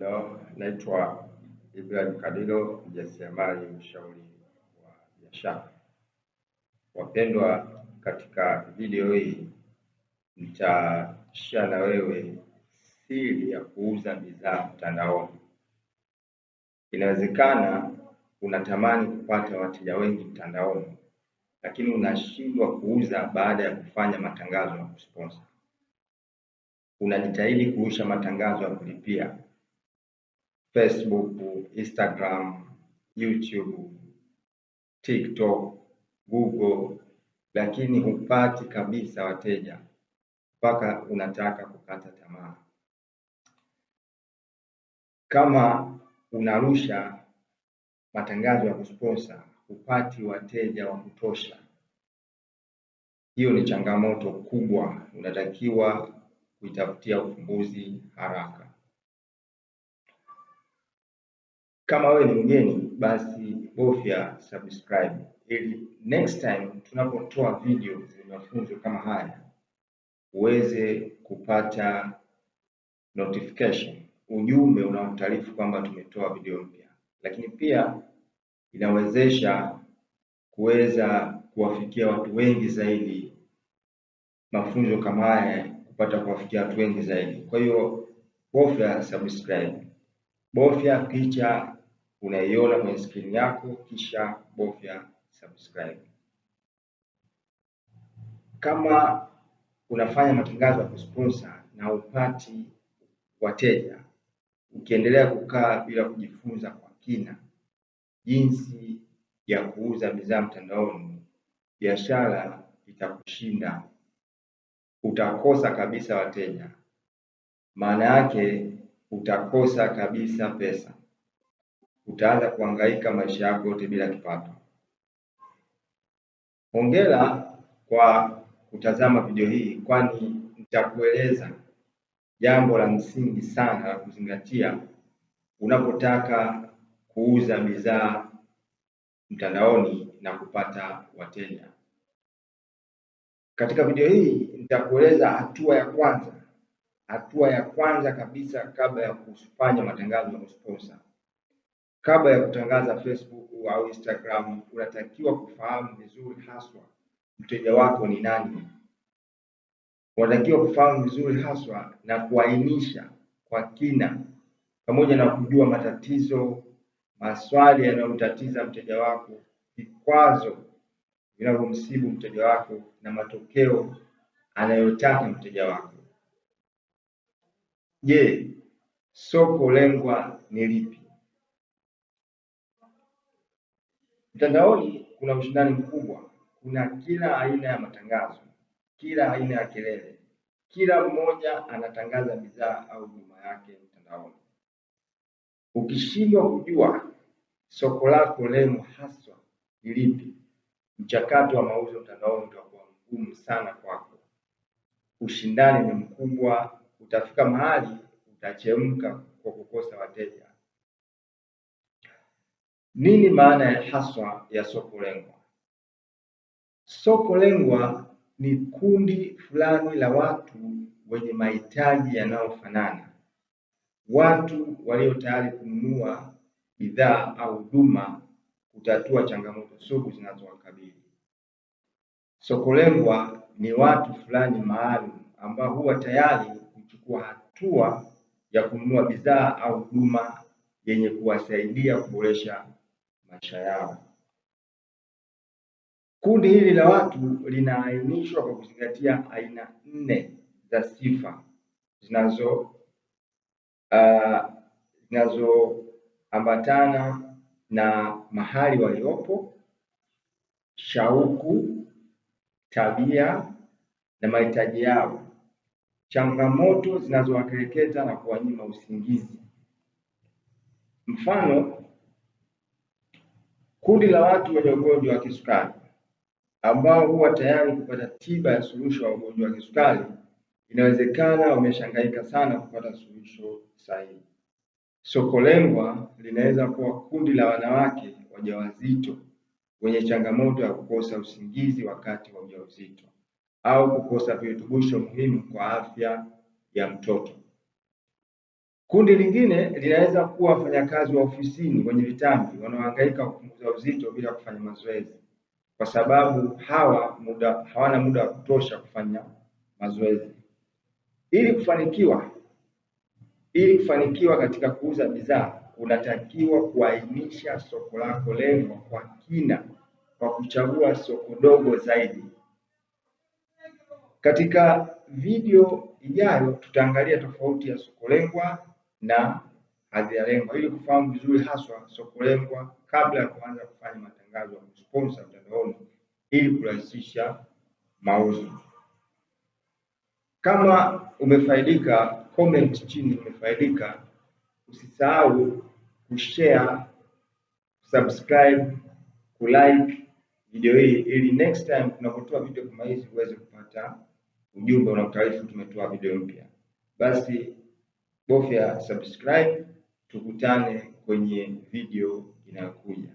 No, naitwa Ibrahim Kadilo, mjasiriamali, mshauri wa biashara. Wapendwa, katika video hii nitashia na wewe siri ya kuuza bidhaa mtandaoni. Inawezekana unatamani kupata wateja wengi mtandaoni, lakini unashindwa kuuza baada ya kufanya matangazo ya kusponsor. Unajitahidi kurusha matangazo ya kulipia Facebook, Instagram, YouTube, TikTok, Google, lakini hupati kabisa wateja mpaka unataka kukata tamaa. Kama unarusha matangazo ya kusponsa, hupati wateja wa kutosha. Hiyo ni changamoto kubwa, unatakiwa kuitafutia ufumbuzi haraka. Kama wewe ni mgeni, basi bofya subscribe ili next time tunapotoa video zenye mafunzo kama haya uweze kupata notification, ujumbe unaotaarifu kwamba tumetoa video mpya. Lakini pia inawezesha kuweza kuwafikia watu wengi zaidi, mafunzo kama haya kupata kuwafikia watu wengi zaidi. Kwa hiyo bofya subscribe, bofya picha unaiona kwenye skrini yako kisha bofya subscribe. Kama unafanya matangazo ya kusponsor na upati wateja, ukiendelea kukaa bila kujifunza kwa kina jinsi ya kuuza bidhaa mtandaoni, biashara itakushinda, utakosa kabisa wateja, maana yake utakosa kabisa pesa utaanza kuhangaika maisha yako yote bila kipato. Hongera kwa kutazama video hii, kwani nitakueleza jambo la msingi sana la kuzingatia unapotaka kuuza bidhaa mtandaoni na kupata wateja. Katika video hii nitakueleza hatua ya kwanza, hatua ya kwanza kabisa kabla ya kufanya matangazo ya sponsor. Kabla ya kutangaza Facebook au Instagram, unatakiwa kufahamu vizuri haswa mteja wako ni nani. Unatakiwa kufahamu vizuri haswa na kuainisha kwa kina, pamoja na kujua matatizo, maswali yanayomtatiza mteja wako, vikwazo vinavyomsibu mteja wako na matokeo anayotaka mteja wako. Je, soko lengwa ni lipi? Mtandaoni kuna ushindani mkubwa, kuna kila aina ya matangazo, kila aina ya kelele, kila mmoja anatangaza bidhaa au huduma yake mtandaoni. Ukishindwa kujua soko lako lemu haswa ni lipi, mchakato wa mauzo mtandaoni utakuwa mgumu sana kwako. Ushindani ni mkubwa, utafika mahali utachemka kwa kukosa wateja. Nini maana ya haswa ya soko lengwa? Soko lengwa ni kundi fulani la watu wenye mahitaji yanayofanana, watu walio tayari kununua bidhaa au huduma kutatua changamoto sugu zinazowakabili. Soko lengwa ni watu fulani maalum ambao huwa tayari kuchukua hatua ya kununua bidhaa au huduma yenye kuwasaidia kuboresha maisha yao. Kundi hili la watu linaainishwa kwa kuzingatia aina nne za sifa zinazo uh, zinazoambatana na mahali waliopo, shauku, tabia na mahitaji yao, changamoto zinazowakereketa na kuwanyima usingizi. Mfano, Kundi la watu wenye ugonjwa wa kisukari ambao huwa tayari kupata tiba ya suluhisho ya ugonjwa wa kisukari, inawezekana wameshangaika sana kupata suluhisho sahihi. Soko lengwa linaweza kuwa kundi la wanawake wajawazito wenye changamoto ya kukosa usingizi wakati wa ujauzito au kukosa virutubisho muhimu kwa afya ya mtoto. Kundi lingine linaweza kuwa wafanyakazi wa ofisini wenye vitambi wanaohangaika kupunguza uzito bila kufanya mazoezi, kwa sababu hawa muda hawana muda wa kutosha kufanya mazoezi. Ili kufanikiwa ili kufanikiwa katika kuuza bidhaa unatakiwa kuainisha soko lako lengwa kwa kina kwa kuchagua soko dogo zaidi. Katika video ijayo tutaangalia tofauti ya soko lengwa na lengwa ili kufahamu vizuri haswa sokolengwa kabla ya kuanza kufanya matangazo ya sponsor mtandaoni ili kurahisisha mauzo. Kama umefaidika, comment chini umefaidika. Usisahau kushare, subscribe, kulike video hii ili next time tunapotoa video kama hizi uweze kupata ujumbe utaarifu tumetoa video mpya. Basi bofya subscribe. Tukutane kwenye video inayokuja.